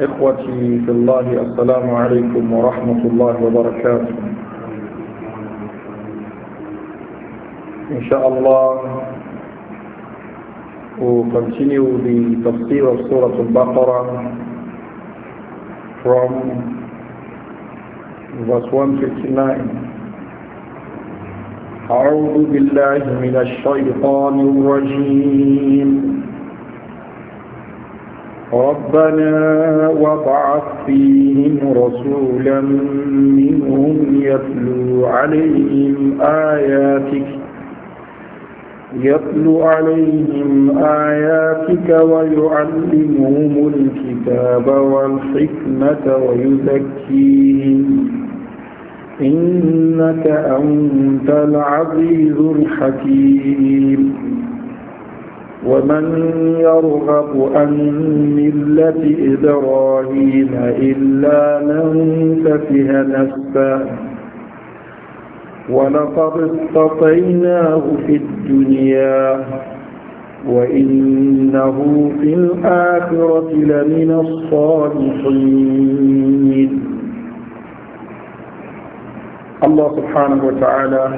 إخوتي في الله السلام عليكم ورحمة الله وبركاته إن شاء الله وكنتينيو continue the tafsir of Surah Al-Baqarah from verse 159 أعوذ بالله من الشيطان الرجيم ربنا وبعث فيهم رسولا منهم يتلو عليهم آياتك يتلو عليهم آياتك ويعلمهم الكتاب والحكمة ويزكيهم إنك أنت العزيز الحكيم ومن يرغب عن ملة إبراهيم إلا من تفه نفسه ولقد استطيناه في الدنيا وإنه في الآخرة لمن الصالحين الله سبحانه وتعالى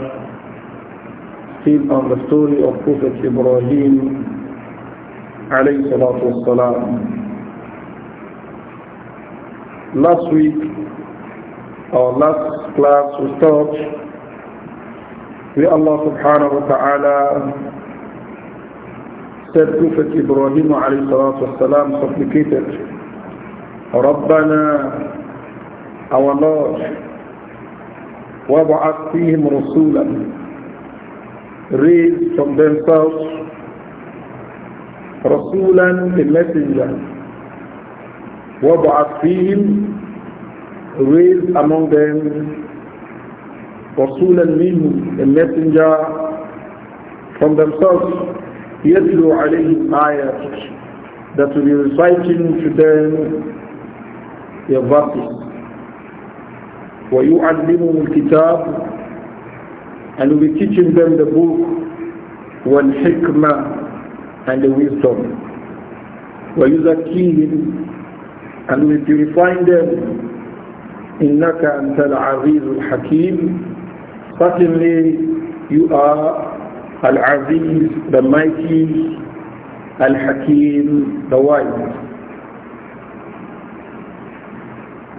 في still on the story of Prophet Ibrahim alayhi salatu wassalam. Last week, our last class was taught where Allah subhanahu wa ta'ala said Prophet Ibrahim alayhi salatu wassalam supplicated, رَبَّنَا our Lord وَبَعَثْ فِيهِمْ رَسُولًا raised from themselves Rasulan, a messenger. وَبَعَثْ فِيهِمْ Raise among them رَسُولًا مِنْهُمْ A messenger from themselves. يَتْلُو عَلَيْهِمْ آيَاتِ That will be reciting to them their verses. وَيُعَلِّمُهُمُ الْكِتَابِ And will be teaching them the book والحكمة and the wisdom. وَيُزَكِّيهِمْ And we purify them. إِنَّكَ أَنْتَ الْعَزِيزُ الْحَكِيمُ Certainly you are Al-Aziz, the mighty, Al-Hakim, the wise.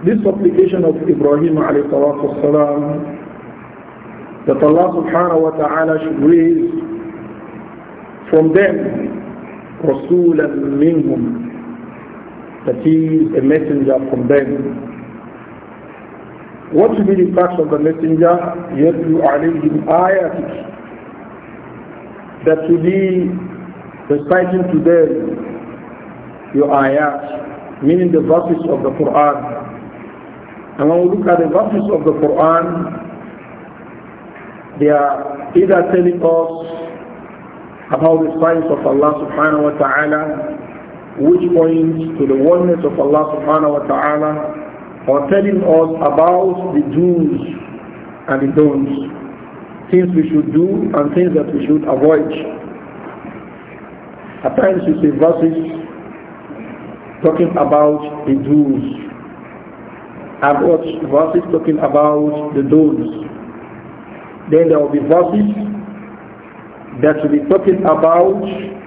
This supplication of Ibrahim alayhi والسلام, that Allah subhanahu wa ta'ala should raise from them رسولا منهم that he is a messenger from them what will be the facts of the messenger يتلو عليهم آياتك that will be reciting to them your ayat meaning the verses of the Quran and when we look at the verses of the Quran they are either telling us about the signs of Allah subhanahu wa ta'ala which points to the oneness of Allah subhanahu wa ta'ala or telling us about the do's and the don'ts, things we should do and things that we should avoid. At times see verses talking about the do's and what verses talking about the don'ts. Then there will be verses that will be talking about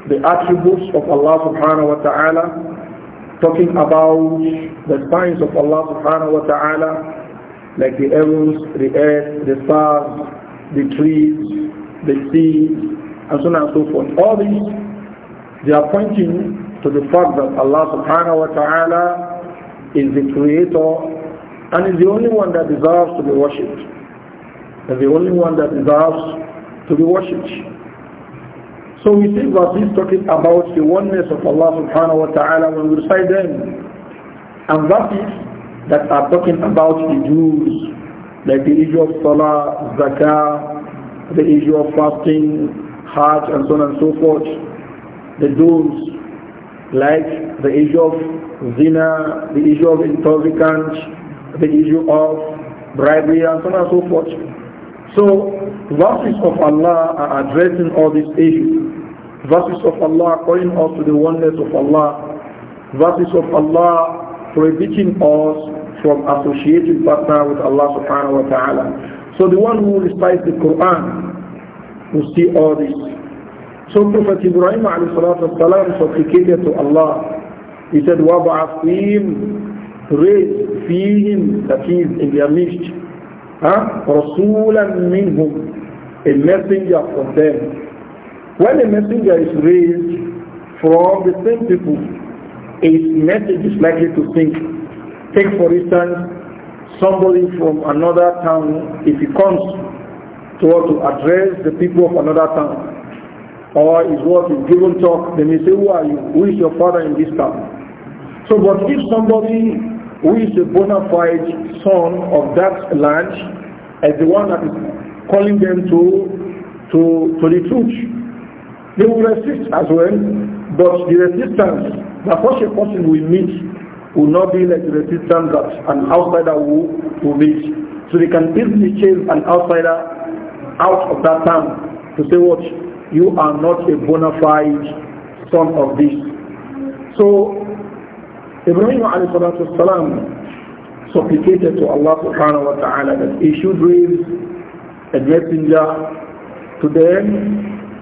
the attributes of Allah subhanahu wa ta'ala, talking about the signs of Allah subhanahu wa ta'ala, like the heavens, the earth, the stars, the trees, the sea, and so on and so forth. All these, they are pointing to the fact that Allah subhanahu wa ta'ala is the creator and is the only one that deserves to be worshipped. and the only one that deserves to be worshipped. So we see that he's talking about the oneness of Allah subhanahu wa ta'ala when we recite them. And that is that are talking about the Jews, like the issue of Salah, Zakah, the issue of fasting, Hajj and so on and so forth. The do's, like the issue of zina, the issue of intoxicants, the issue of bribery and so on and so forth. So verses of Allah are addressing all these issues. Verses of Allah calling us to the oneness of Allah. Verses of Allah prohibiting us from associating partner with Allah subhanahu wa ta'ala. So the one who recites the Quran will see all this. So Prophet Ibrahim والسلام, supplicated to Allah. He said, وَبَعَثْ فِيهِمْ Raise فِيهِمْ That is in their midst huh? Rasulan minhum, a messenger from them. When a messenger is raised from the same people, his message is likely to think. Take for instance, somebody from another town, if he comes to, to address the people of another town, or is what is given talk, they may say, who are you? Who is your father in this town? So, but if somebody who is a bona fide son of that land as the one that is calling them to, to, to the truth. They will resist as well, but the resistance that such a person will meet will not be like the resistance that an outsider will, will meet. So they can easily chase an outsider out of that town to say what you are not a bona fide son of this. So Ibrahim والسلام, supplicated to Allah subhanahu wa ta'ala that he should raise a messenger to them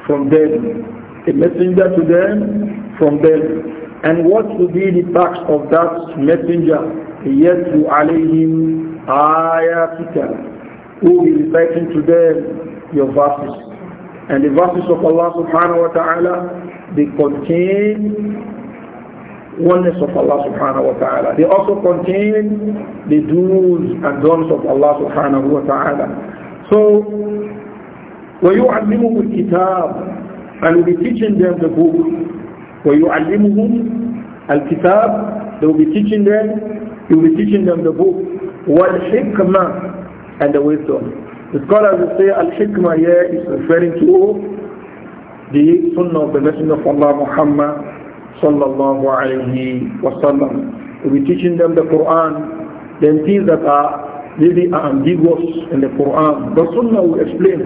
from them, a messenger to them from them. And what will be the facts of that messenger? Yatlu alayhim ayatika, who will be reciting to them your verses. And the verses of Allah subhanahu wa ta'ala, they contain oneness of Allah subhanahu wa ta'ala. They also contain the do's and don'ts of Allah subhanahu wa ta'ala. So, وَيُعَلِّمُهُ الْكِتَابِ And we'll be teaching them the book. وَيُعَلِّمُهُمْ الْكِتَابِ They will be teaching them, He will be teaching them the book. وَالْحِكْمَةِ And the wisdom. The scholars will say al-hikmah here is referring to the sunnah of the Messenger of Allah Muhammad sallallahu alayhi wa sallam. We'll be teaching them the Quran, then things that are really ambiguous in the Quran. The Sunnah will explain.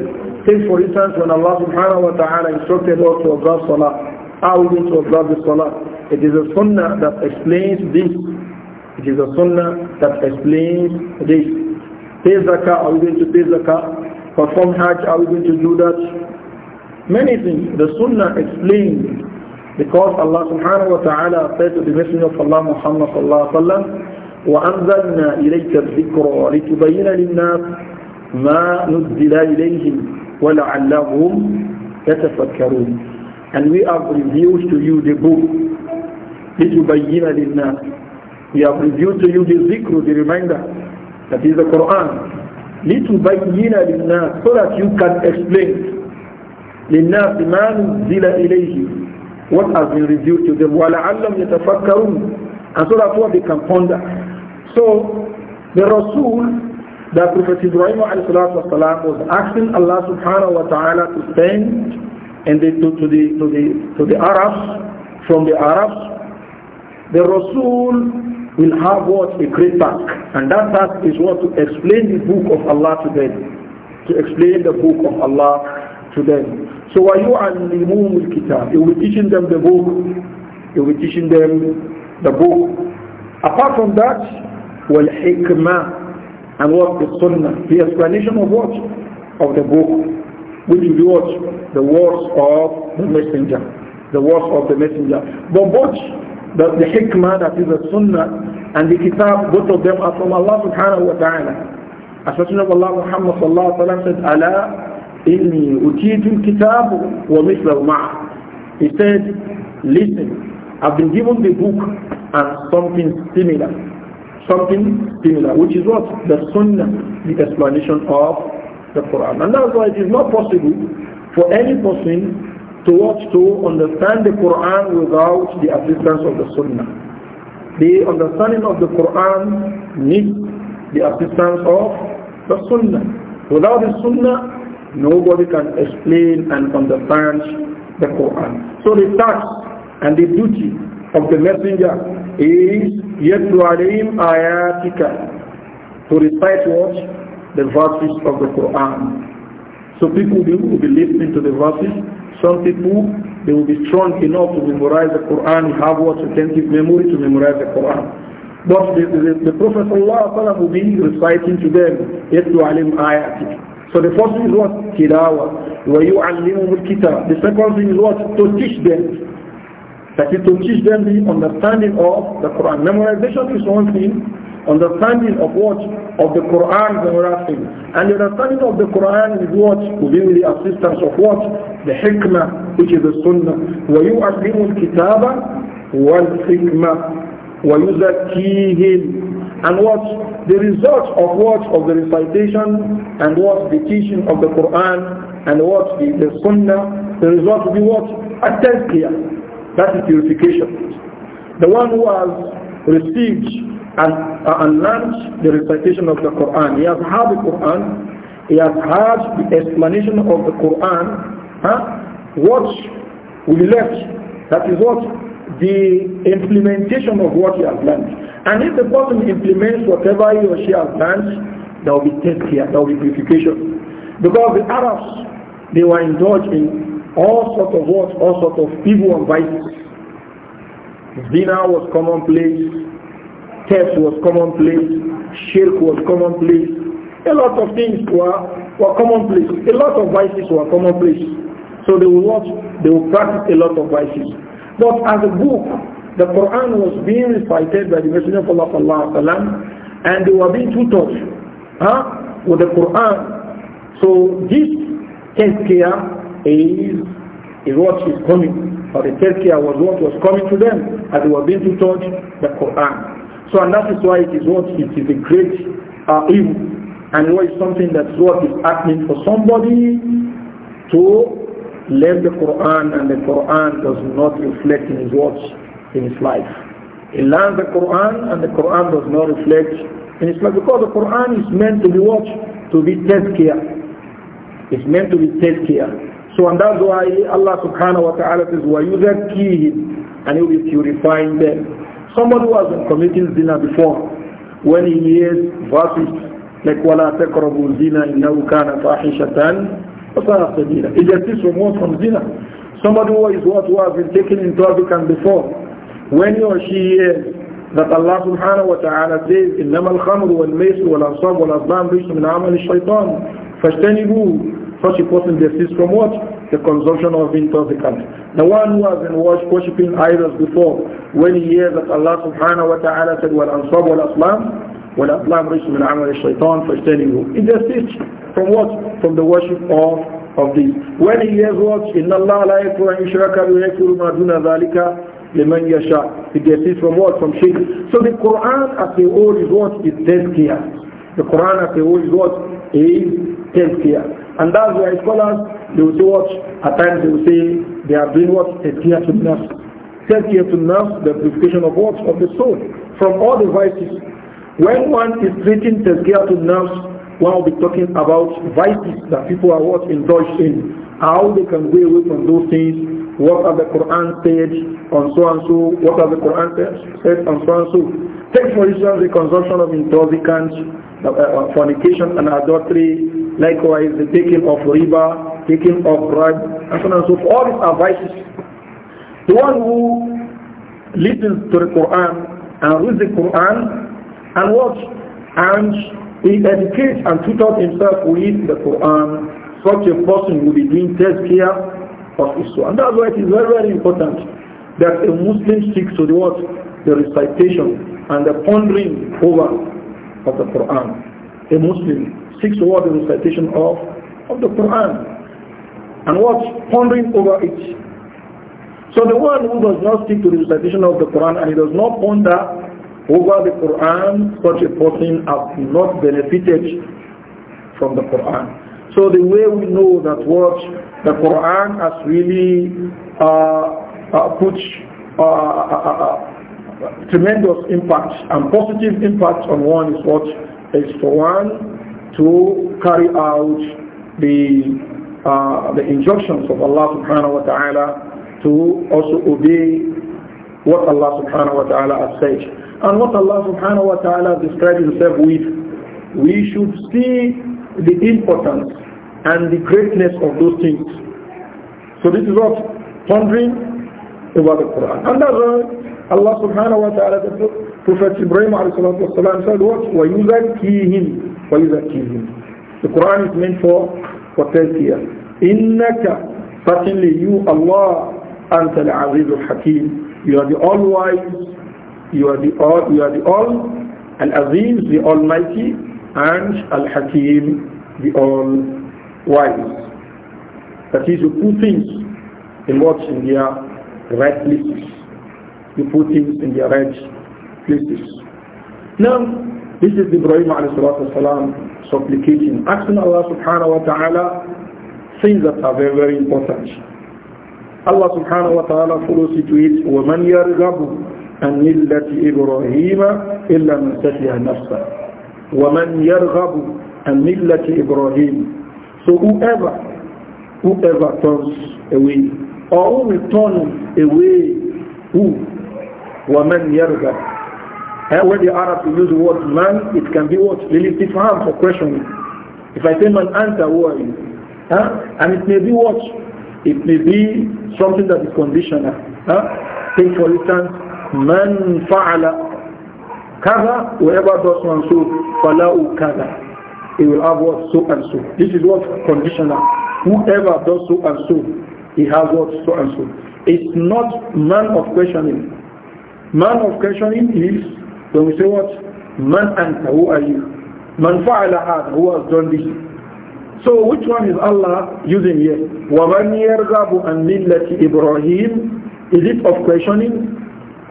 Take for instance when Allah subhanahu wa ta'ala instructed us to observe Salah, how we going to observe the Salah. It is a Sunnah that explains this. It is a Sunnah that explains this. Pay zakah, are we going to pay zakah? Perform hajj, are we going to do that? Many things. The Sunnah explains Because Allah subhanahu wa ta'ala said to the Messenger of Allah Muhammad sallallahu alayhi wa sallam, وأنزلنا إليك الذكر لتبين للناس ما نزل إليهم ولعلهم يتفكرون And we have revealed to you the book لتبين للناس We have revealed to you the zikr, the reminder that is the Quran لتبين للناس so that you can explain للناس ما نزل إليهم what has been revealed to them وَلَعَلَّمْ يَتَفَكَّرُونَ and so that's what they can ponder so the Rasul that Prophet Ibrahim والسلام, was asking Allah subhanahu wa ta'ala to send and they, to, to, the, to, the, to the Arabs from the Arabs the Rasul will have what a great task and that task is what to explain the book of Allah to them to explain the book of Allah to them so are you and the Kitab? You will be teaching them the book. You will be teaching them the book. Apart from that, well hikmah and what the sunnah, the explanation of what? Of the book. Which will be what? The words of the messenger. The words of the messenger. But watch the, the hikmah that is the sunnah and the kitab, both of them are from Allah subhanahu wa ta'ala. As Messenger of Allah Muhammad sallallahu alayhi wa sallam said, Allah inni utitul kitab wa mithlahu He said, listen, I've been given the book and something similar. Something similar, which is what? The Sunnah, the explanation of the Quran. And that's why it is not possible for any person to watch to understand the Quran without the assistance of the Sunnah. The understanding of the Quran needs the assistance of the Sunnah. Without the Sunnah, nobody can explain and understand the Quran. So the task and the duty of the messenger is yet to alim ayatika to recite what the verses of the Quran. So people will be listening to the verses. Some people they will be strong enough to memorize the Quran, have what attentive memory to memorize the Quran. But the, the, the Prophet Allah will be reciting to them, Yet to alim ayatika. So the first thing is what? Tilawa. with kitab. The second thing is what? To teach them. That is to teach them the understanding of the Quran. Memorization is one thing. Understanding of what? Of the Quran is another thing. And the understanding of the Quran is what? Within the assistance of what? The hikmah, which is the sunnah. you وَيُعَلِّمُ الْكِتَابَ وَالْحِكْمَةِ وَيُزَكِّيهِمْ and what the result of what of the recitation and what the teaching of the Quran and what the, the Sunnah, the result will be what? A tazkiyah. That is purification. The one who has received and, uh, and learned the recitation of the Quran, he has heard the Quran, he has heard the explanation of the Quran, huh? what will be left? That is what? The implementation of what he has learned. And if the person implements whatever he or she has done, there will be test here, there will be purification. Because the Arabs, they were indulged in all sorts of what, all sorts of evil and vices. Zina was commonplace, theft was commonplace, shirk was commonplace, a lot of things were, were commonplace, a lot of vices were commonplace. So they will watch, they will practice a lot of vices. But as a book, the Quran was being recited by the Messenger of Allah sallallahu alaihi wasallam, and they were being tutored huh, with the Quran. So this tazkiyah is is what is coming, or the tazkiyah was what was coming to them as they were being tutored the Quran. So and that is why it is what it is a great uh, evil, and what is something that's what is happening for somebody to left the Quran and the Quran does not reflect in his words in his life. He learns the Quran and the Quran does not reflect in his life because the Quran is meant to be watched, to be tazkiyah. It's meant to be tazkiyah. So and that's why Allah subhanahu wa ta'ala says, وَيُزَكِّيهِمْ And He will be purifying them. Somebody who has been committing zina before, when he hears verses like وَلَا تَقْرَبُوا zina إِنَّهُ كَانَ فَاحِشَةً وَسَاءَ سَبِيلًا It just is removed from zina. Somebody who is what who has been taken into African before, when he or she hears that Allah subhanahu wa ta'ala says, إِنَّمَا الْخَمْرُ وَالْمَيْسُ وَالْأَصْلَامُ وَالْأَصْلَامُ رِجْسُ مِنْ عَمَلِ الشَّيْطَانِ فَاجْتَنِبُوا Such a person desists from what? The consumption of intoxicants. The one who has been worshipping idols before, when he hears that Allah subhanahu wa ta'ala said, وَالْأَصْلَامُ وَالْأَصْلَامُ وَالْأَصْلَامُ رِجْسُ مِنْ عَمَلِ الشَّيْطَانِ فَاجْتَنِبُوا He desists from what? From the worship of of this. When he hears what? إِنَّ اللَّهَ لَا يَكْفُرُ أَنْ يُشْرَكَ بِهِ وَيَكْفُرُ مَا دُونَ ذَلِكَ liman yasha. to get it from what? From shirk. So the Quran as a whole is what? Is tazkiyah. The Quran as a whole is what? Is tazkiyah. And that's why scholars, they will say what? At times they will say they are doing what? Tazkiyah to nafs. Tazkiyah to nafs, the purification of what? Of the soul. From all the vices. When one is treating tazkiyah to nafs, one will be talking about vices that people are what indulged in, how they can go away from those things what are the Quran said on so and so, what are the Quran said on so and so. Take for instance the consumption of intoxicants, uh, uh, uh, fornication and adultery, likewise the taking of riba, taking of bribe, and so on and so forth. All these are vices. The one who listens to the Quran and reads the Quran and watch And he educates and tutors himself with the Quran. Such a person will be doing here of Islam. And that's why it is very, very important that a Muslim sticks to the what? The recitation and the pondering over of the Quran. A Muslim sticks to what? The recitation of, of the Quran. And what? Pondering over it. So the one who does not stick to the recitation of the Quran and he does not ponder over the Quran, such a person has not benefited from the Quran. So the way we know that what the Quran has really uh, uh, put uh, uh, uh tremendous impact and positive impact on one is what is for one to carry out the uh, the injunctions of Allah subhanahu wa ta'ala to also obey what Allah subhanahu wa ta'ala has said and what Allah subhanahu wa ta'ala described himself with we should see the importance and the greatness of those things. So this is what pondering over the Quran. And that's why Allah subhanahu wa ta'ala Prophet Ibrahim والسلام, said what? وَيُزَكِّيهِمْ وَيُزَكِّيهِمْ The Quran is meant for for here. إِنَّكَ Certainly you Allah أَنْتَ الْعَزِيزُ الْحَكِيمُ You are the all-wise, you are the all, you are the all, and Aziz, the Almighty, and Al-Hakim, the All-Wise. That is, you put things in what's In their right places. You put things in their right places. Now, this is Ibrahim والسلام, supplication, asking Allah subhanahu wa ta'ala things that are very, very important. Allah subhanahu wa ta'ala follows it with وَمَنْ يَرْغَبُ أَنْ مِلَّةِ إِبْرَاهِيمَ إِلَّا مَنْ سَفِيَ نَفْسَهُ وَمَنْ يَرْغَبُ أَنْ مِلَّةِ إِبْرَاهِيمِ So whoever, whoever turns away, or who will turn away, who? وَمَنْ يَرْغَبُ and eh, when the Arabs use the word man, it can be what? Lilistifam for questioning. If I say man answer who are you? Huh? And it may be what? It may be something that is conditional. Huh? Take for instance, man فعل Kaza, whoever does one so, falau kaza. He will have what so and so. This is what conditional. Whoever does so and so, he has what so and so. It's not man of questioning. Man of questioning is when we say what? Man anta, who are you? Man fa'ala hada, who has done this? So which one is Allah using here? وَمَنْ يَرْغَبُ أَنْ مِلَّةِ إِبْرَاهِيمِ Is it of questioning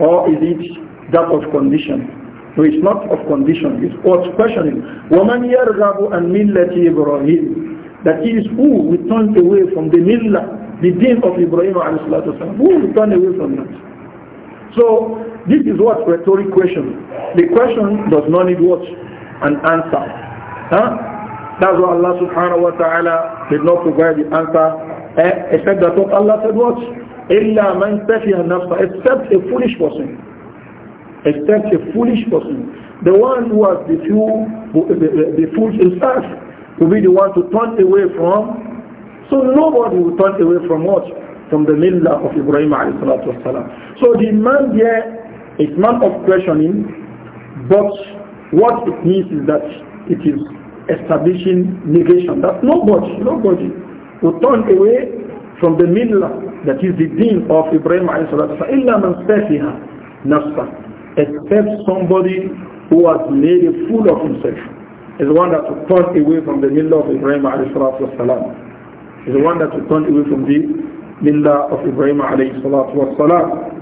or is it that of condition? So it's not of condition, it's what's questioning. وَمَنْ يَرْغَبُ أَنْ مِلَّةِ إِبْرَاهِيم That is who we turn away from the millah, the deen of Ibrahim والسلام, who we turn away from that. So this is what rhetoric question. The question does not need what? An answer. Huh? That's why Allah subhanahu wa ta'ala did not provide the answer eh, except that what Allah said what? إِلَّا مَنْ تَفِيَ النَّفْسَ Except a foolish person except a foolish person. The one who has the fool, the, fool himself will be the one to turn away from. So nobody will turn away from what? From the millah of Ibrahim So the man here is man of questioning, but what it means is that it is establishing negation. That nobody, nobody will turn away from the millah that is the deen of Ibrahim alayhi salatu wasalam, man safiha nafsa except somebody who has made a fool of himself is one that will turn away from the millah of Ibrahim alayhi salatu wasalam. Is the one that will turn away from the millah of Ibrahim alayhi salatu wasalam.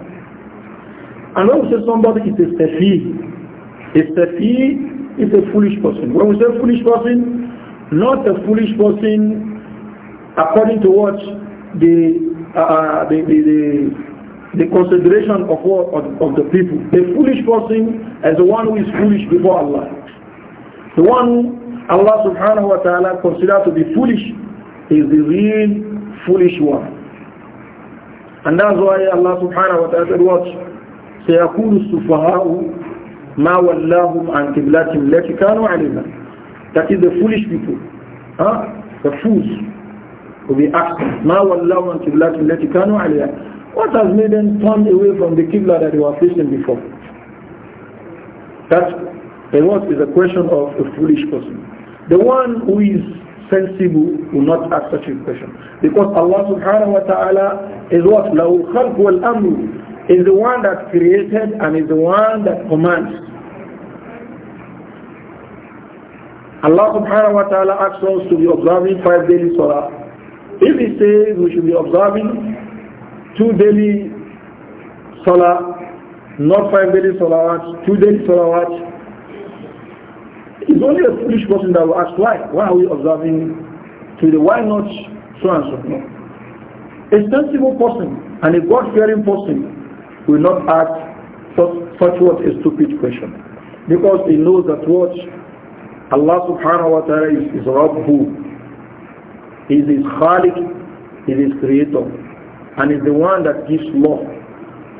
And say somebody is a safi. A safi is a foolish person. When we say foolish person, not a foolish person according to what the, uh, uh the, the, the the consideration of what of, of the people. the foolish person as the one who is foolish before Allah. The one Allah subhanahu wa ta'ala considers to be foolish is the real foolish one. And that's why Allah subhanahu wa ta'ala said what? سيقول السفهاء ما ولاهم عن قبلتهم التي كانوا عليها That is the foolish people. Huh? The fools will be asked ما ولاهم عن قبلتهم التي كانوا عليها what has made them turn away from the Qibla that they were facing before? That what is a question of a foolish person. The one who is sensible will not ask such a question. Because Allah subhanahu wa ta'ala is what? لَهُ الْخَلْقُ وَالْأَمْرُ is the one that created and is the one that commands. Allah subhanahu wa ta'ala asks us to be observing five daily salah. If he says we should be observing two daily salah, not five daily salawat, two daily salawat. It's only a foolish person that will ask why. Why are we observing to the why not so and so? No. A sensible person and a God-fearing person will not ask such, such what a stupid question. Because he knows that what Allah subhanahu wa ta'ala is, is Rabbu. He is his Khalik, he is his creator and is the one that gives law.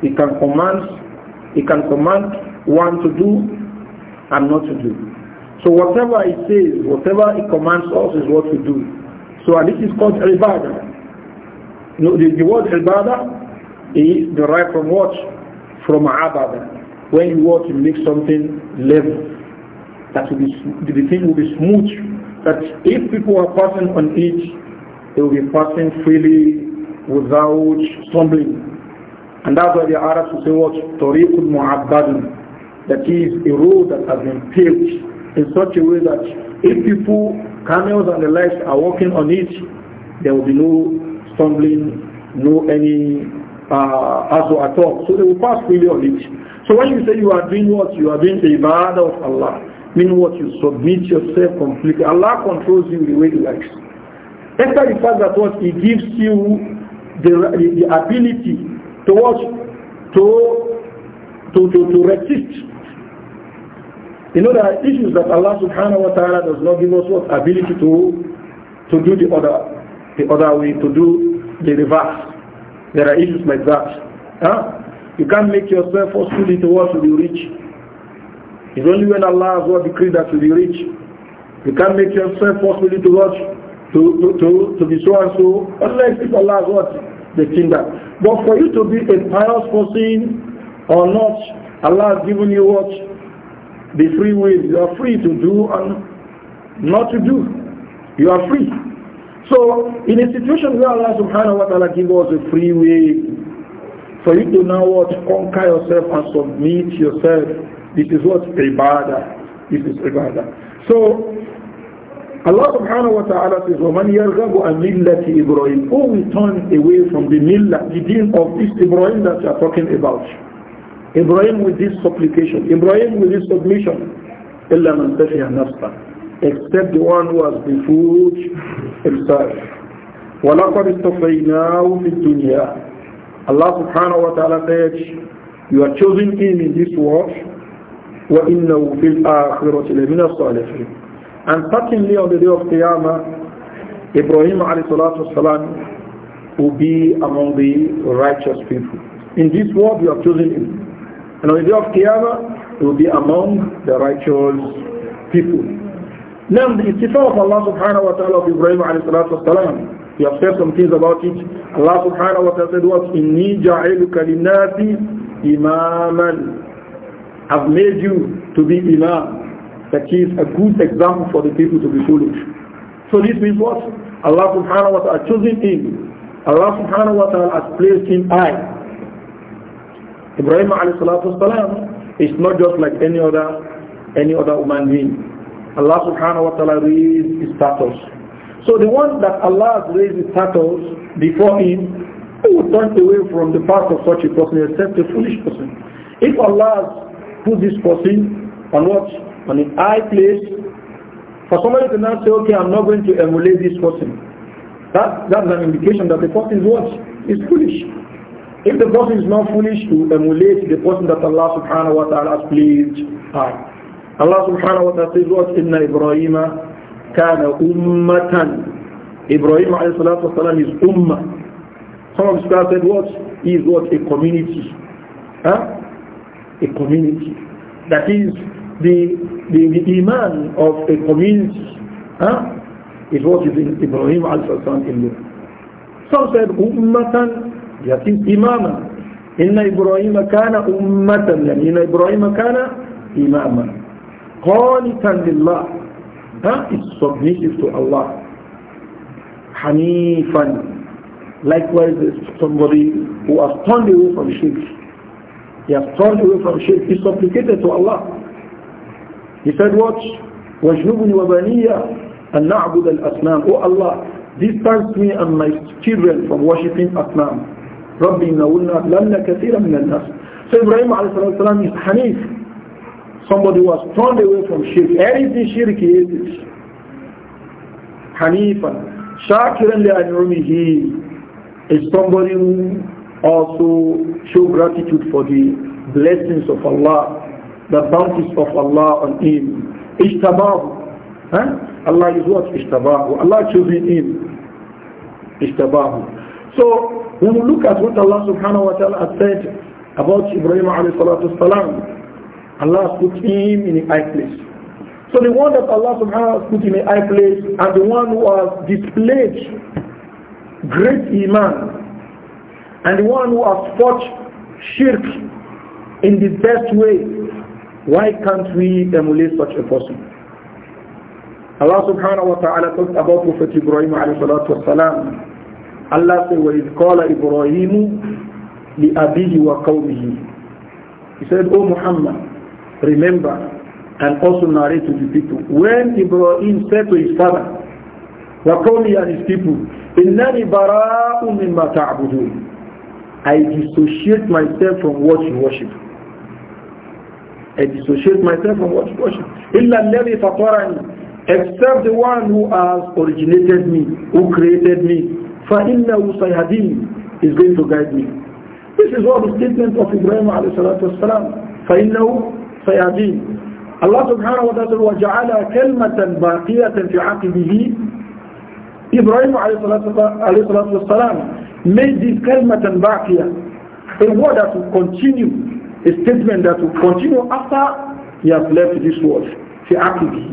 He can command, he can command one to do and not to do. So whatever he says, whatever he commands us is what we do. So and this is called ibadah. No, the, the word ibadah is derived from what? From abada. When you want to make something level, that will be, the thing will be smooth. That if people are passing on it, they will be passing freely without stumbling. And that's why the Arabs say what? Tariqul Mu'abbadun. That is a road that has been paved in such a way that if people, camels and the likes are walking on it, there will be no stumbling, no any uh, azwa at all. So they will pass freely on it. So when you say you are doing what? You are doing the ibadah of Allah. Meaning what? You submit yourself completely. Allah controls you the way He likes. After the fact that what? He gives you the, the ability to watch, to, to, to, to resist. You know, there are issues that Allah subhanahu wa ta'ala does not give us what ability to, to do the other, the other way, to do the reverse. There are issues like that. Huh? You can't make yourself forcefully to what to be rich. It's only when Allah has what decreed that to be rich. You can't make yourself forcefully to what to, to, to, to be so and so, unless if Allah has what the kingdom. But for you to be a pious person or not, Allah has given you what? The free will. You are free to do and not to do. You are free. So in a situation where Allah subhanahu wa ta'ala gives us a free will, for you to now what? Conquer yourself and submit yourself. This is what? Ibadah. This is Ibadah. So Allah subhanahu wa ta'ala says, وَمَنْ يَرْغَبُ أَنْ مِلَّةِ إِبْرَاهِيم Oh, we turn away from the millah, the deen of this Ibrahim that you are talking about. Ibrahim with this supplication, Ibrahim with this submission. إِلَّا مَنْ تَفِيَ Except the one who has befooled himself. وَلَقَدْ اسْتَفَيْنَاهُ فِي الدُّنْيَا Allah subhanahu wa ta'ala says, You are chosen him in this world, وَإِنَّهُ فِي الْآخِرَةِ لَمِنَ الصَّالِحِينَ and certainly on the day of Qiyamah, Ibrahim والسلام, will be among the righteous people. In this world you have chosen him. And on the day of Qiyamah, he will be among the righteous people. Now the istifa of Allah subhanahu wa ta'ala of Ibrahim والسلام, we have said some things about it. Allah subhanahu wa ta'ala said what? Inni ja'eluka linnati imaman. I've made you to be imam. That is a good example for the people to be foolish. So this means what? Allah subhanahu wa ta'ala chosen him. Allah subhanahu wa ta'ala has placed him high. Ibrahim alayhi salatu wasalam is not just like any other any other human being. Allah subhanahu wa ta'ala raised his status. So the one that Allah has raised his status before him who will turn away from the path of such a person except a foolish person. If Allah has put this person on what? On a high place. For somebody to now say, okay, I'm not going to emulate this person. That, that's an indication that the person is what? Is foolish. If the person is not foolish to emulate the person that Allah subhanahu wa ta'ala has pleased high. Allah subhanahu wa ta'ala says what? Inna Ibrahim kana ummatan. Ibrahim alayhi salatu wasalam is ummah. Some of the scholars said what? He is what? A community. Huh? A community. That is the, the, the iman of a community huh, is what is in Ibrahim al-Sultan in there. Some said, Ummatan, Yatim imama. Inna Ibrahim kana ummatan, yani Inna Ibrahim kana imama. Qanitan lillah. Huh? It's submissive to Allah. Hanifan. Likewise, somebody who has turned away from shirk. He has turned away from shirk. He supplicated to Allah. He said what? وَجْنُبُنِ وَبَنِيَّ أَنْ نَعْبُدَ الْأَصْنَامِ Oh Allah, distance me and my children from worshipping Asnam. رَبِّ إِنَّهُنَّ أَضْلَلْنَ كَثِيرًا مِنَ النَّاسِ So Ibrahim a.s. is Hanif, somebody who was turned away from shirk. Anything shirk he is it. Hanifan, shakiran li'an'umihi is somebody who also show gratitude for the blessings of Allah the bounties of Allah on him. Ishtabahu. Huh? Allah is what? Ishtabahu. Allah choosing him. Ishtabahu. So when we look at what Allah subhanahu wa ta'ala has said about Ibrahim alayhi salatu salam, Allah put him in a high place. So the one that Allah subhanahu wa ta'ala put in a high place and the one who has displayed great iman and the one who has fought shirk in the best way why can't we emulate such a person? Allah subhanahu wa ta'ala talked about Prophet Ibrahim alayhi salatu wasalam. Allah said, وَإِذْ قَالَ إِبْرَاهِيمُ لِأَبِيهِ وَقَوْمِهِ He said, O Muhammad, remember and also narrate to the people. When Ibrahim said to his father, وَقَوْمِهِ and his people, إِنَّنِي بَرَاءٌ مِمَّا تَعْبُدُونَ I dissociate myself from what you worship. I dissociate myself from what's worship. إِلَّا الَّذِي فَطَرَنِي Except the one who has originated me, who created me. فَإِنَّهُ سَيْهَدِينِ is going to guide me. This is what the statement of Ibrahim alayhi salatu wasalam. فَإِنَّهُ سَيْهَدِينِ Allah subhanahu wa ta'ala وَجَعَلَ كَلْمَةً بَاقِيَةً فِي عَقِبِهِ Ibrahim alayhi salatu wasalam made this kalmatan baqiyah, a word that will continue a statement that will continue after he has left this world. في عقله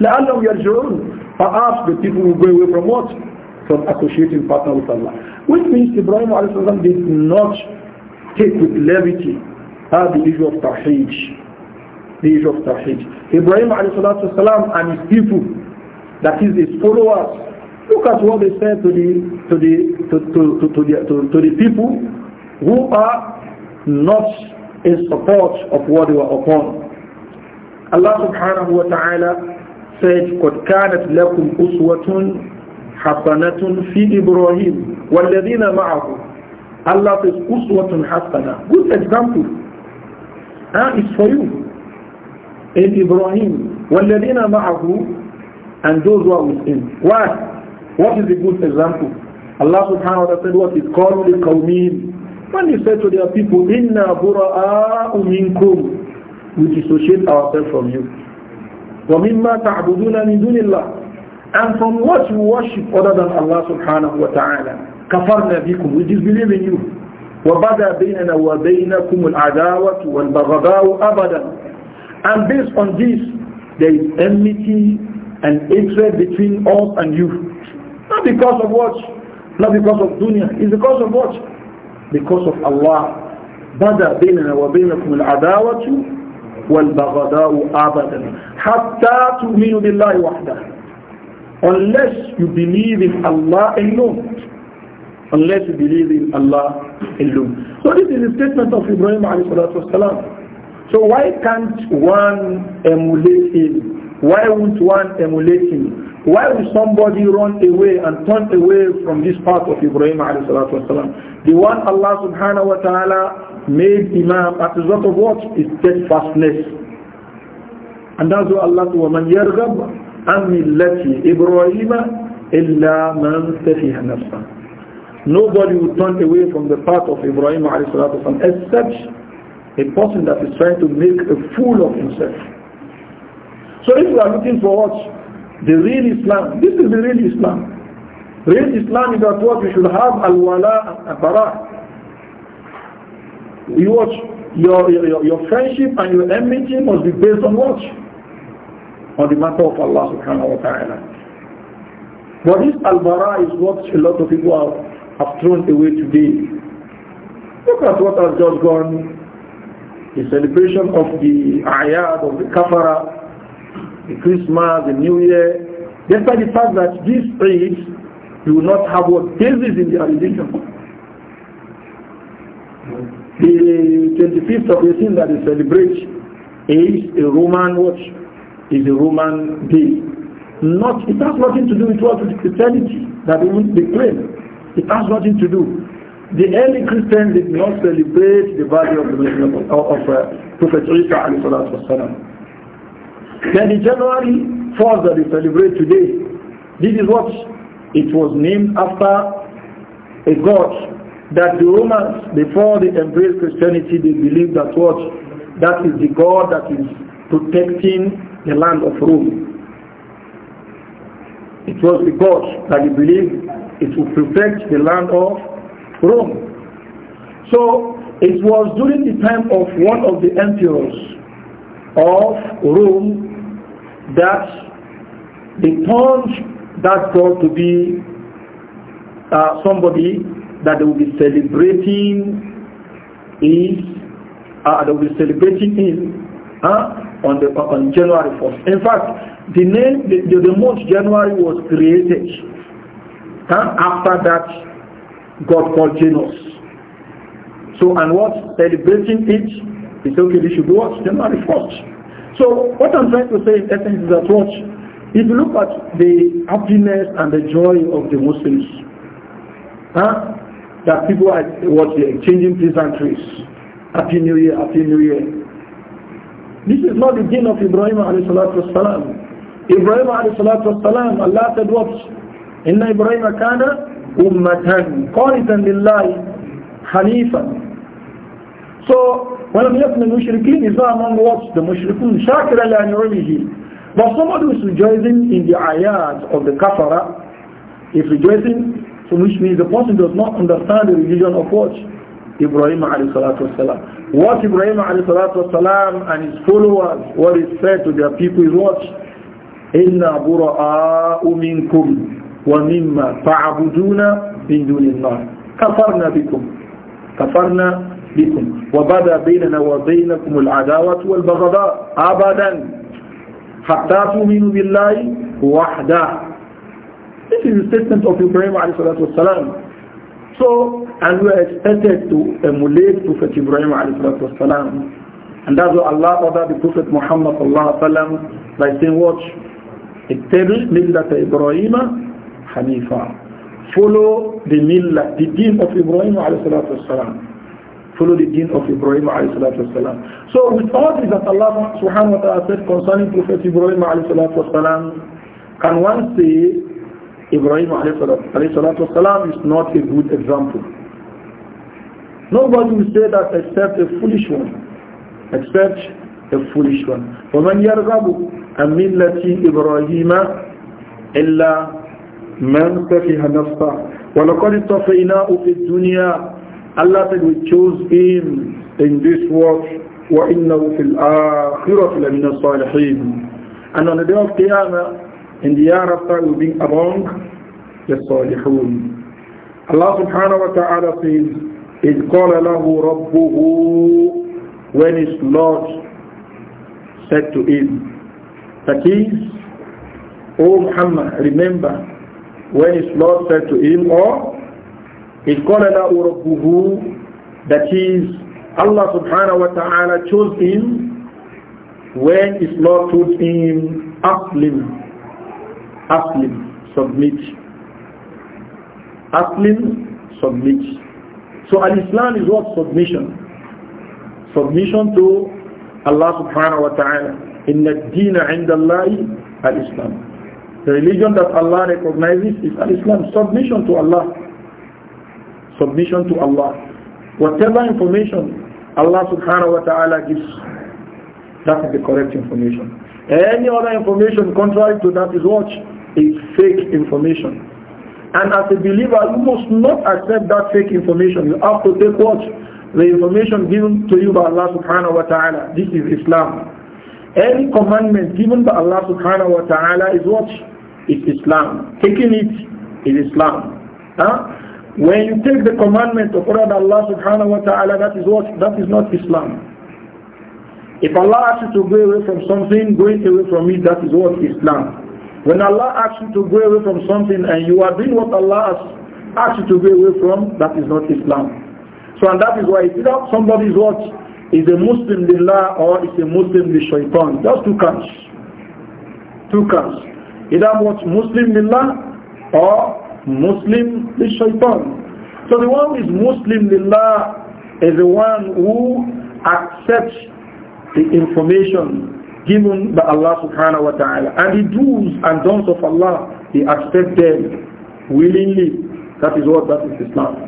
لعلهم يرجعون perhaps the people will go away from what? From associating partner with Allah. Which means Ibrahim did not take with levity uh, the issue of Tawheed. The issue of Tawheed. Ibrahim a.s. and his people, that is his followers, look at what they said to the, to the, to, to, to, to the, to, to the people who are not in support of what they were upon. Allah subhanahu wa ta'ala said, قَدْ كَانَتْ لَكُمْ أُسْوَةٌ حَسَنَةٌ فِي إِبْرَاهِيمُ وَالَّذِينَ مَعَهُ Allah says, Uswatun Hasana. Good example. Ah, it's for you. In Ibrahim, وَالَّذِينَ مَعَهُ And those who are with him. Why? What is the good example? Allah subhanahu wa ta'ala said, what is قَالُوا لِقَوْمِهِمْ when they said to their people, Inna buraa minkum, we dissociate ourselves from you. وَمِمَّا تَعْبُدُونَ مِن دُونِ اللَّهِ And from what you worship other than Allah subhanahu wa ta'ala, كَفَرْنَا بِكُمْ We disbelieve in you. وَبَدَى بَيْنَنَا وَبَيْنَكُمُ الْعَدَاوَةُ وَالْبَغَضَاءُ أَبَدًا And based on this, there is enmity and hatred between us and you. Not because of what? Not because of dunya. It's because of what? because of Allah بدا بيننا وبينكم العداوة وَالْبَغْدَاءُ أبدا حتى تؤمنوا بالله وحده unless you believe in Allah alone unless you believe in Allah alone so this is the statement of Ibrahim as so why can't one emulate him why won't one emulate him why would somebody run away and turn away from this path of Ibrahim والسلام, The one Allah subhanahu wa ta'ala made Imam as a result of what? Is steadfastness. And that's why Allah said, وَمَنْ يَرْغَبْ عَنْ مِلَّةِ إِبْرَاهِيمَ إِلَّا مَنْ تَفِهَ نَفْسًا Nobody would turn away from the path of Ibrahim والسلام, except a person that is trying to make a fool of himself. So if you are looking for what? The real Islam. This is the real Islam. Real Islam is that what we should have al-wala and al-bara. You watch, your, your, your friendship and your enmity must be based on what? On the matter of Allah subhanahu wa ta'ala. But this al-bara is what a lot of people have, have thrown away today. Look at what has just gone, the celebration of the ayat, of the kafara, the Christmas, the New Year, despite the fact that these Eid, do not have what basis in their religion. The 25th of the thing that is celebrate is a Roman watch, is a Roman day. Not, it has nothing to do with what the Christianity that they claim. It has nothing to do. The early Christians did not celebrate the value of the of, of uh, Prophet Isa alayhi salatu wasalam. Then in January 4th that we celebrate today, this is what it was named after a god that the Romans, before they embraced Christianity, they believed that what? That is the God that is protecting the land of Rome. It was the God that they believed it would protect the land of Rome. So it was during the time of one of the emperors of Rome that they turned that God to be uh, somebody that they will be celebrating is uh, they will be celebrating him huh, on the uh, on January 1st. In fact, the name the, the, month January was created huh, after that God called Janus. So and what celebrating it is okay. we should do what January 1st. So what I'm trying to say in essence is that watch. if you look at the happiness and the joy of the Muslims, huh, that people are what exchanging pleasantries, Happy New Year, Happy New Year. This is not the deen of Ibrahim alayhi salatu Ibrahim alayhi Allah said what? Inna Ibrahim kana ummatan, qanitan lillahi, hanifan, so, when I'm looking mushrikeen, is not among what? The mushrikun, shakira la nu'lihi. But somebody who is rejoicing in the ayat of the kafara, is rejoicing, so which means the person does not understand the religion of what? Ibrahim alayhi salatu wasalam. What Ibrahim alayhi salatu wasalam and his followers, what is said to their people is what? إِنَّا بُرَآءُ مِنْكُمْ وَمِمَّا تَعْبُدُونَ مِنْ دُونِ اللَّهِ كَفَرْنَا بِكُمْ كَفَرْنَا بكم وبدا بيننا وبينكم العداوة والبغضاء أبدا حتى تؤمنوا بالله وحده This is the statement of Ibrahim عليه الصلاة والسلام So, and we are expected to emulate Prophet Ibrahim عليه الصلاة والسلام And that's why Allah ordered the Prophet Muhammad صلى الله عليه وسلم by saying, watch, اتبع ملة إبراهيم حنيفا. Follow the millah, the deen of Ibrahim عليه الصلاة والسلام follow the deen of Ibrahim alayhi salatu والسلام. So with all this that Allah subhanahu wa ta'ala said concerning Prophet Ibrahim alayhi salatu والسلام, can one say Ibrahim alayhi salatu والسلام, is not a good example? Nobody will say that except a foolish one. Except a foolish one. وَمَنْ يَرْغَبُ أَمْ مِلَّةِ إِبْرَاهِيمَ إِلَّا مَنْ سَفِهَ نَفْسَهُ ولقد تَفَيْنَاهُ في الدنيا Allah said, we choose him in this world, وَإِنَّهُ فِي الْآخِرَةِ لَمِنَ الصَّالِحِينَ And on the day of Qiyamah, in the year after, will be among the salihun. Allah subhanahu wa ta'ala says, إِذْ قَالَ لَهُ رَبُّهُ When his Lord said to him, that is, O Muhammad, remember, when his Lord said to him, or oh, إذ called له ربه that is Allah subhanahu wa ta'ala chose him when his Lord told him Aslim Aslim submit Aslim submit so al-Islam is what? submission submission to Allah subhanahu wa ta'ala inna ad-deena inda al-Islam the religion that Allah recognizes is al-Islam submission to Allah submission to Allah. Whatever information Allah subhanahu wa ta'ala gives, that is the correct information. Any other information contrary to that is what? Is fake information. And as a believer, you must not accept that fake information. You have to take what? The information given to you by Allah subhanahu wa ta'ala. This is Islam. Any commandment given by Allah subhanahu wa ta'ala is what? Is Islam. Taking it is Islam. Huh? When you take the commandment of Allah subhanahu wa ta'ala, that is what? That is not Islam. If Allah asks you to go away from something, going away from it, that is what Islam. When Allah asks you to go away from something and you are doing what Allah asks you to go away from, that is not Islam. So and that is why if you somebody's what is a Muslim lillah or is a Muslim the shaitan, that's two camps. Two camps. Either what Muslim lillah or Muslim the shaitan. So the one who is Muslim lillah is the one who accepts the information given by Allah subhanahu wa ta'ala. And the do's and don'ts of Allah, he accepts them willingly. That is what that is Islam.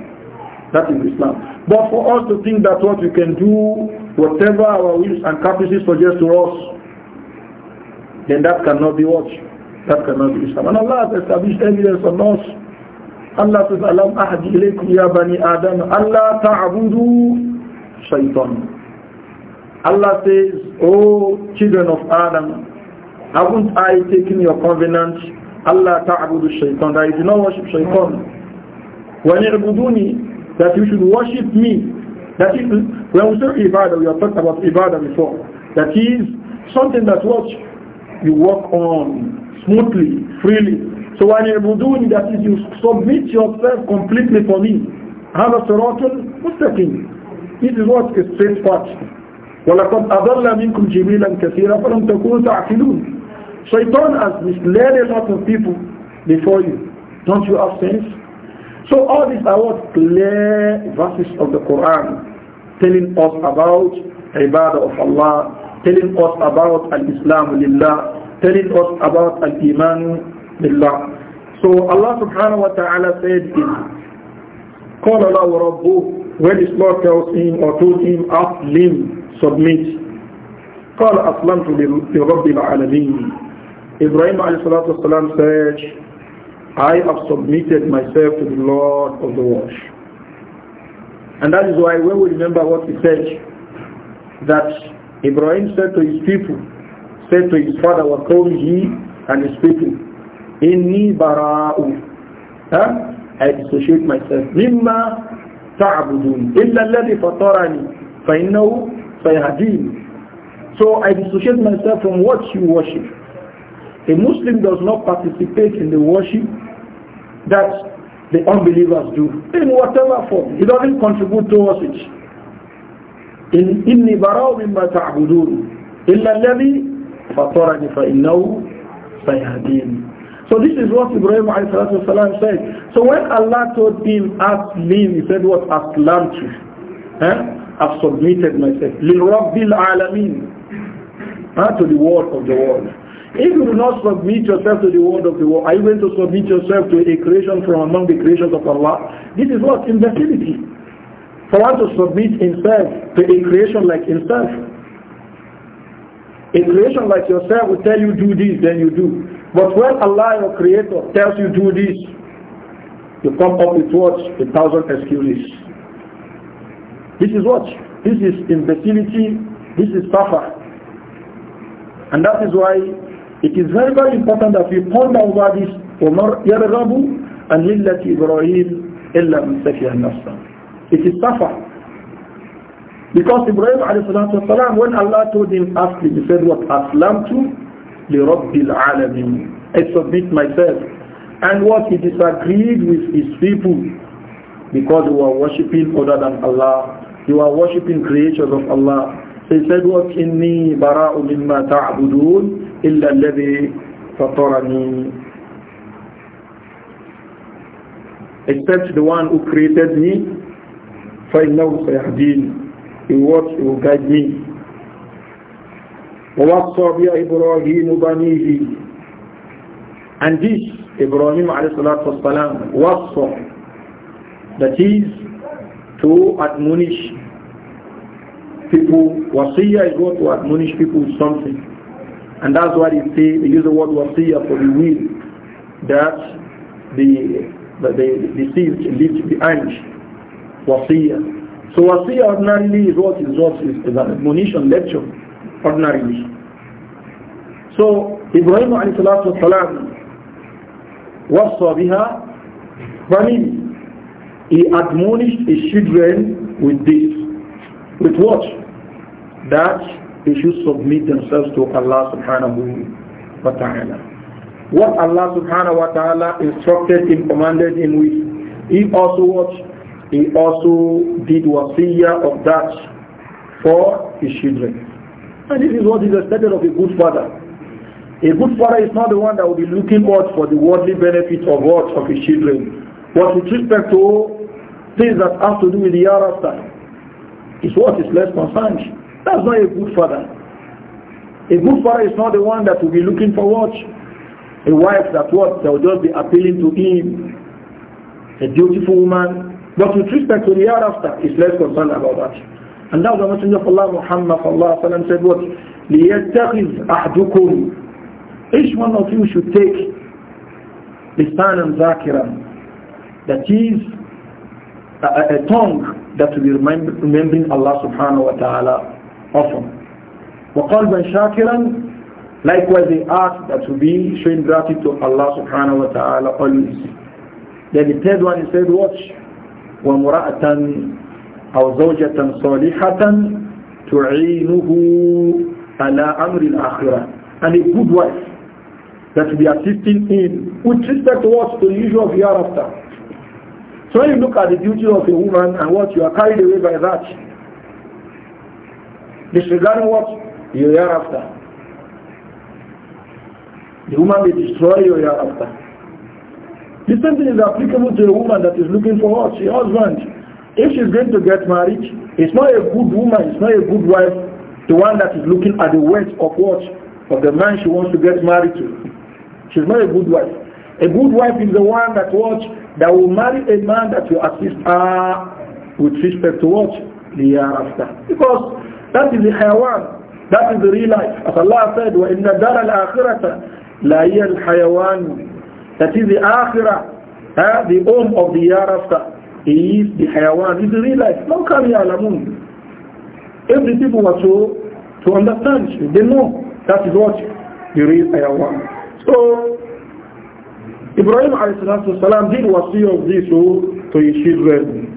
That is Islam. But for us to think that what we can do, whatever our wills and caprices suggest to us, then that cannot be what? That cannot be Islam. And Allah has established evidence on us Allah tó sàlám àhàjì ilaykum ya bani Adam Allah ta'budu shaitan Allah says oh children of Adam haven't I taken your covenant Allah ta'budu shaitan that you do worship shaitan when ibuduni that you should worship me that is when we say ibadah we have talked about ibadah before that is something that what you work on smoothly freely So when you doing that is you submit yourself completely for me. هذا صراط مستقيم. This is what is straight path. ولقد أضل منكم جبيلا كثيرا فلم تكونوا تعقلون. Shaitan has misled a lot of people before you. Don't you have sense? So all these are what clear verses of the Quran telling us about ibadah of Allah, telling us about al-Islam lillah, telling us about al-Iman so Allah subhanahu wa ta'ala said is قال له ربه when his Lord tells him or told him أسلم submit قال أسلمت لرب العالمين Ibrahim عليه الصلاة والسلام said I have submitted myself to the Lord of the world and that is why when we remember what he said that Ibrahim said to his people said to his father وقومه and his people inni bara'u huh? I dissociate myself mimma ta'budun illa alladhi fatarani fa innahu sayahdin so I dissociate myself from what you worship a Muslim does not participate in the worship that the unbelievers do in whatever form he doesn't contribute towards it in inni bara'u mimma ta'budun illa alladhi fatarani fa innahu sayahdin so this is what Ibrahim salam said. So when Allah told him, "Ask Aslim, he said what? Aslam to. Eh? I've submitted myself. Lirabbil Alameen. Huh? To the word of the world. If you do not submit yourself to the word of the world, are you going to submit yourself to a creation from among the creations of Allah? This is what? Imbecility. For one to submit himself to a creation like himself. A creation like yourself will tell you do this, then you do. But when Allah, your creator, tells you do this, you come up with what? A thousand excuses. This is what? This is imbecility. This is suffer. And that is why it is very, very important that we ponder over this وَمَرْ يَرْغَبُ أَنْ لِلَّةِ إِبْرَاهِيمِ إِلَّا It is suffer. Because Ibrahim والسلام, when Allah told him, ask him, he said what? Aslam to لِرَبِّ الْعَالَمِينَ I submit myself. And what he disagreed with his people because they were worshipping other than Allah. They were worshipping creatures of Allah. he said, What inni bara'u mimma ta'budun illa alladhi fatarani. Except the one who created me, فَإِنَّهُ سَيَهْدِينِ He what? He will guide me. ووصى بها إبراهيم بنيه And this Ibrahim والسلام, وصى that is to admonish people. Wasiyah is what to admonish people with something. And that's why they say, they use the word wasiyah for the will that the that the deceived leaves behind. Wasiyah. So wasiyah ordinarily is what is what is, is an admonition lecture ordinarily. So Ibrahim alayhi salatu was wasa biha He admonished his children with this. With what? That they should submit themselves to Allah subhanahu wa ta'ala. What Allah subhanahu wa ta'ala instructed him, commanded him with, he also what? He also did wasiyah of that for his children. And this is what is expected of a good father. A good father is not the one that will be looking out for the worldly benefits of what of his children. But with respect to things that have to do with the hereafter, is what is less concerned. That's not a good father. A good father is not the one that will be looking for what? A wife that what? That will just be appealing to him. A beautiful woman. But with respect to the hereafter, is less concerned about that. And now the Messenger of Allah Muhammad Allah, alayhi said what? لِيَتَّخِذْ أَحْدُكُمْ Each one of you should take lisanan zakiran that is a, a, tongue that will be remember, remembering Allah subhanahu wa ta'ala often. وَقَلْبًا شَاكِرًا Likewise they ask that to be showing gratitude to Allah subhanahu wa ta'ala always. Then the third one he said, watch, وَمُرَأَةً أو زوجة صالحة تعينه على أمر الآخرة and a good wife that will be assisting him with respect to what to the usual of hereafter. So when you look at the duty of a woman and what you are carried away by that, disregarding what you are after, The woman will destroy your hereafter. The same thing is applicable to a woman that is looking for what? Your husband. if she's going to get married, it's not a good woman, it's not a good wife, the one that is looking at the words of what? Of the man she wants to get married to. She's not a good wife. A good wife is the one that watch That will marry a man that will assist her with respect to what? The year after. Because that is the hayawan. That is the real life. As Allah said, wa inna دَارَ الْآخِرَةَ لَا هِيَ hayawan. That is the akhirah, eh? the home of the year after. He is the hayawan. He's the real life. Now carry alamun. Every people were to to understand. They know that is what the real hayawan. So Ibrahim alayhi salam did was see of this oh, to his children.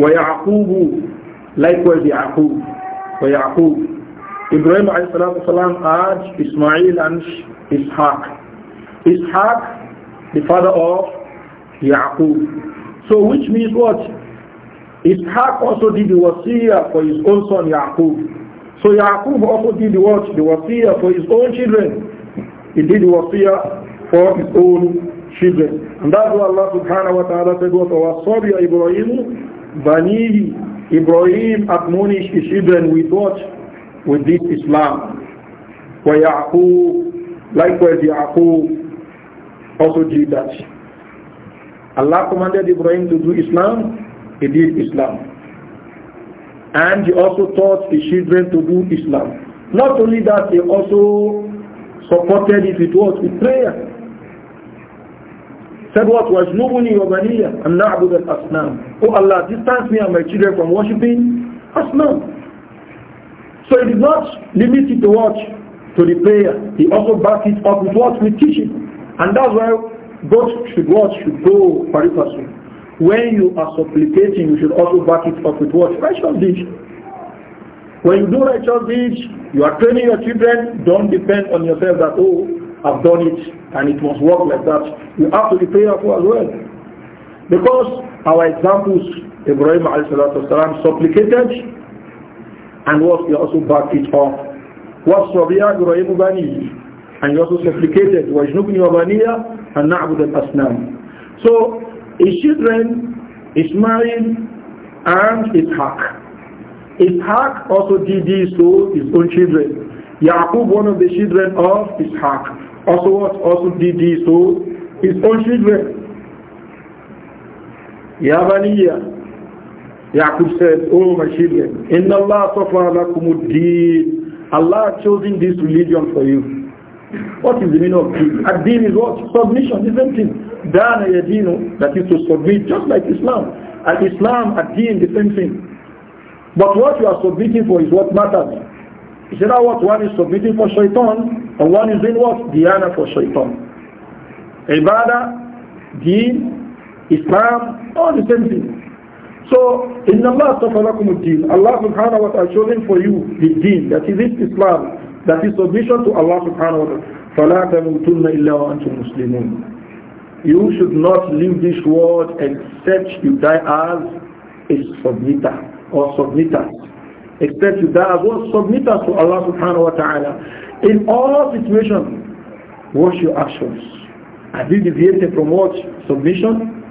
ويعقوب likewise Yaqub ويعقوب Ibrahim alayhi salam had Ismail and Ishaq. Ishaq, the father of Yaqub. So which means what? Ishaq also did the wasiyah for his own son Yaqub. So Yaqub also did the what? The wasiyah for his own children. He did the wasiyah for his own children. And that's why Allah subhanahu wa ta'ala said, وَتَوَصَّبِيَ إِبْرَهِيمُ بَنِيهِ Ibrahim admonished his children with what? With this Islam. وَيَعْقُوب Likewise Yaqub also did that. Allah commanded Ibrahim to do Islam, he did Islam. And he also taught his children to do Islam. Not only that, he also supported it with what? With prayer. Said what? was وَاجْنُبُنِي وَبَنِيَ أَنْ نَعْبُدَ الْأَصْنَامِ Oh Allah, distance me and my children from worshipping Asnam. So it is not limited to what? To the prayer. He also backs it up with what? With teaching. And that's why both should what should go paripasu. When you are supplicating, you should also back it up with what? Righteous deeds. When you do righteous deeds, you are training your children, don't depend on yourself that, oh, I've done it and it must work like that. You have to be prayerful as well. Because our examples, Ibrahim والسلام, supplicated and what he also backed it up. What Ibrahim Bani and he also supplicated, وَاجْنُبْنِ وَبَنِيَّ and na'bud al-asnam. So his children, Ismail and Ishaq. Ishaq also did this to his own children. Yaqub, one of the children of Ishaq, also what also did this to his own children. Yabaniya. Yaqub said, Oh my children, in Allah Allah chosen this religion for you. What is the meaning of deen? Ad-deen is what? Submission, isn't it? Dana yadinu, that is to submit, just like Islam. And islam ad-deen, the same thing. But what you are submitting for is what matters. Is that what one is submitting for shaitan and one is doing what? Diana for shaitan. Ibadah, deen, Islam, all the same thing. So, in the of Allah, Allah subhanahu wa ta'ala chosen for you the deen, that is Islam, that is submission to Allah subhanahu wa ta'ala. فَلَا تَمُوتُنَّ إِلَّا وَأَنْتُمْ مُسْلِمُونَ You should not leave this world except you die as a submitter or submitter. Except you die as well submitter to Allah subhanahu wa ta'ala. In all situations, watch your actions. Have you deviated from what? Submission?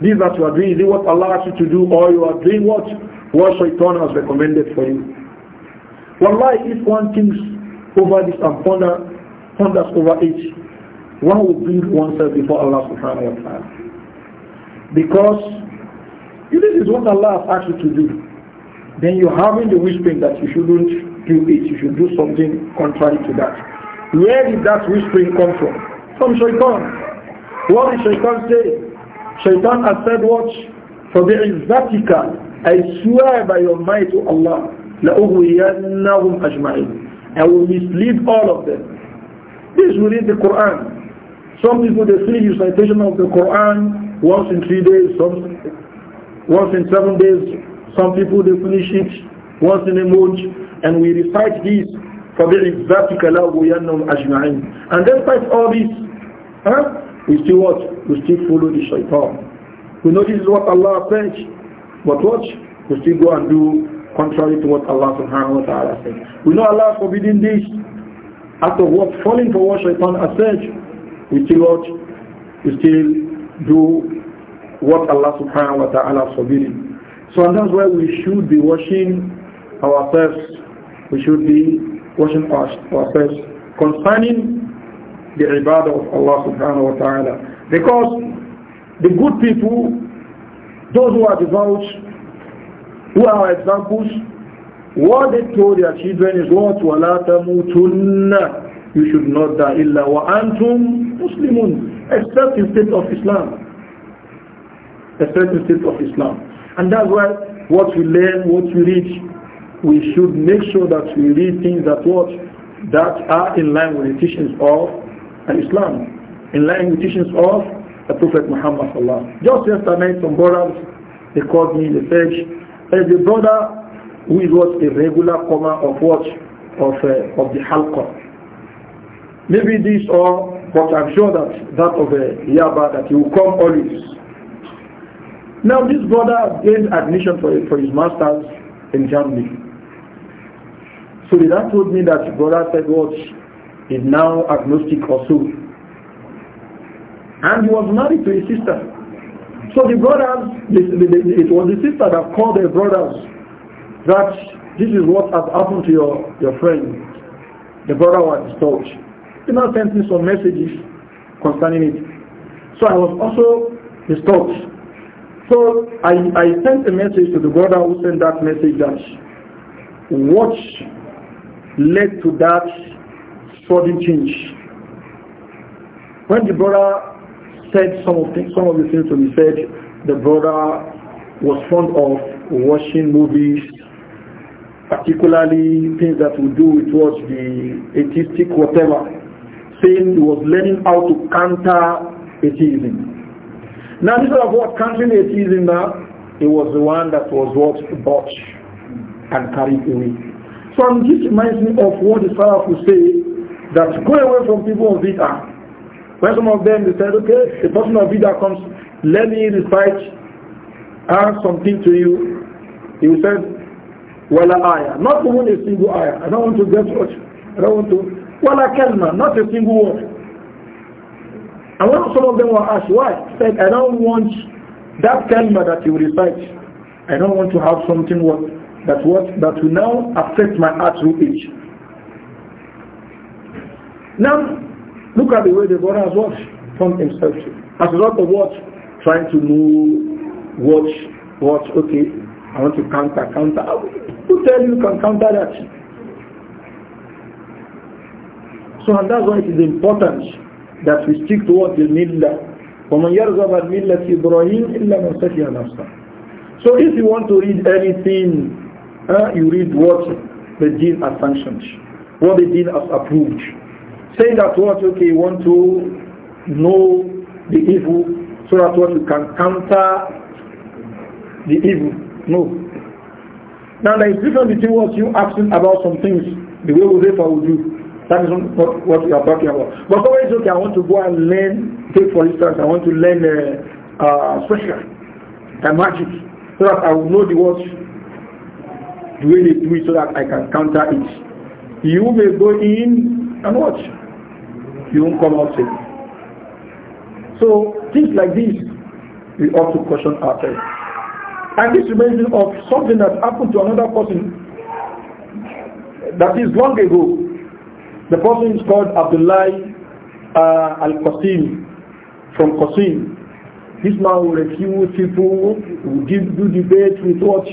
This that you are doing, is it what Allah asked you to do or you are doing what? What shaitan has recommended for you. Wallahi, if one thinks over this and ponder, ponder over it, one will build oneself before Allah subhanahu wa ta'ala. Because if this is what Allah has asked you to do, then you're having the whispering that you shouldn't do it, you should do something contrary to that. Where did that whispering come from? From shaitan. What did shaitan say? Shaitan has said what? For the vertical. I swear by your might to Allah, لَأُغْوِيَنَّهُمْ أَجْمَعِينَ and will mislead all of them. This will read the Quran. Some people they see recitation of the Quran once in three days, some, once in seven days. Some people they finish it once in a month, and we recite this for the فَبِعِذَّاتِكَ And despite all this, huh, we still what? We still follow the shaitan. We know this is what Allah said, but what? We still go and do contrary to what Allah subhanahu wa ta'ala said. We know Allah forbidding this. After what falling for what shaitan has said, we still watch, We still do what Allah subhanahu wa ta'ala has forbidden. So and that's why we should be washing ourselves. We should be washing ourselves concerning the ibadah of Allah subhanahu wa ta'ala. Because the good people, those who are devout, who are our examples? What they told their children is what? وَلَا تَمُوتُنَّ You should not die إِلَّا وَأَنْتُمْ مُسْلِمُونَ Except in state of Islam. Except in state of Islam. And that's why what we learn, what we read, we should make sure that we read things that what? That are in line with the teachings of Islam. In line with the teachings of the Prophet Muhammad Just yesterday, some brothers, they called me, they said, as a brother who is what a regular comer of what of uh, of the halqa. Maybe this or but I'm sure that that of a uh, Yaba that he will come always. Now this brother gained admission for for his masters in Germany. So that told me that brother said what is now agnostic or so. And he was married to his sister. So the brothers, the, the, the, it was the sister that called the brothers that this is what has happened to your, your friend. The brother was disturbed. He now sent me some messages concerning it. So I was also disturbed. So I, I sent a message to the brother who sent that message that what led to that sudden change. When the brother said some of, things, some of the things that we said. The brother was fond of watching movies, particularly things that would do with what the atheistic whatever, saying he was learning how to counter atheism. Now instead of what countering atheism now, it was the one that was what bought and carried away. So this reminds me of what the father would say that go away from people of bid'ah. When some of them, they said, okay, a person of Bida comes, let me recite ask something to you. He said, wala ayah. Not even a single ayah. I don't want to get what I don't want to. Wala kalma. Not a single word. And when some of them were asked, why? He said, I don't want that kalma that you recite. I don't want to have something what, that what that will now affect my heart through age. Now, Look at the way the brother has watched Found himself As a lot of watch, Trying to move, watch, watch, okay, I want to counter, counter. Who tell you can counter that? So and that's why it is important that we stick to what the millah. وَمَنْ يَرْغَبَ عَنْ إِبْرَاهِيمَ إِلَّا مَنْ سَفِيَ نَفْسَهُ So if you want to read anything, uh, you read what the deen has sanctioned, what the deen has approved. saying that what okay you want to know the evil so that what you can counter the evil no now there is difference between what you asking about some things the way Uzefa will do that is not what we are talking about but somebody says okay I want to go and learn take for instance I want to learn a uh, uh special a magic so that I will know the words the way they do it so that I can counter it you may go in and watch. You won't come out safe. So things like this, we ought to question ourselves. And this reminds me of something that happened to another person that is long ago. The person is called Abdullah uh, Al-Qasim from Qasim. This man will refuse people, will give, do debate with what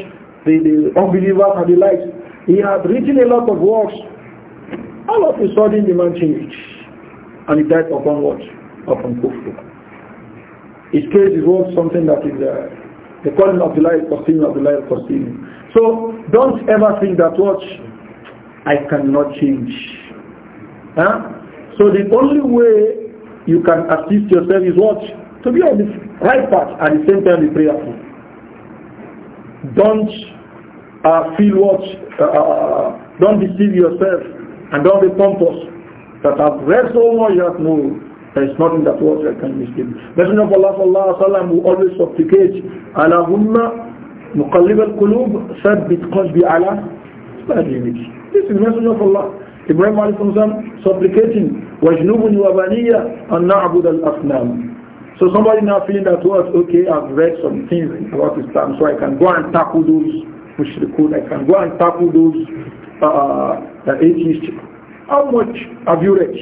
the, the unbelievers and the likes. He had written a lot of works all of a sudden the man changed. And he died upon what? Upon kufr. His case is worth something that is uh, the calling of the light Qasimi, of the for Qasimi. So don't ever think that what? I cannot change. Huh? So the only way you can assist yourself is what? To be on the right path at the same time be prayerful. Don't uh, feel what? Uh, uh, uh, don't deceive yourself and all the be pompous that I've read so much that no, there is nothing that words can mislead. Messenger of Allah sallallahu alaihi wasallam who always supplicate, Allahumma مقلب القلوب ثبت قلبي على سبيلك. This is Messenger of Allah. Ibrahim alayhi salam supplicating, baniya وَبَنِيَّ abu al الْأَصْنَامِ so somebody now feeling that was okay, I've read some things about Islam, so I can go and tackle those mushrikun, I can go and tackle those uh, an atheist. How much have you read?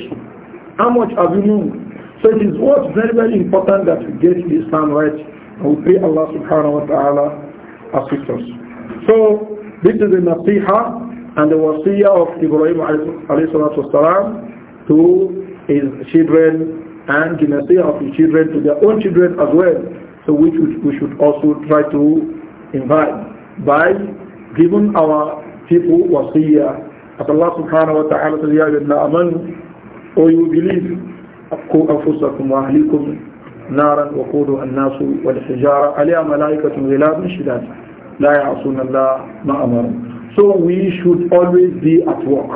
How much have you known? So it is what very, very important that we get this time right and we pray Allah subhanahu wa ta'ala assist us. So this is the nasiha and the wasiya of Ibrahim alayhi salatu to his children and the nasiha of his children to their own children as well. So which we should also try to invite by giving our people wasiya. Allah subhanahu wa ta'ala says, Ya amanu, O you believe, So we should always be at work.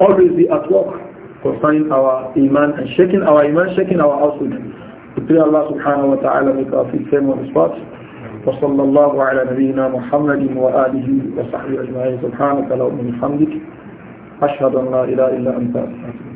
Always be at work concerning our iman and shaking our iman, shaking our household. We pray Allah subhanahu wa ta'ala make our feet firm on the spot. وصلى الله على نبينا محمد وآله وصحبه أجمعين سبحانك اللهم وبحمدك أشهد أن لا إله إلا أنت أستغفرك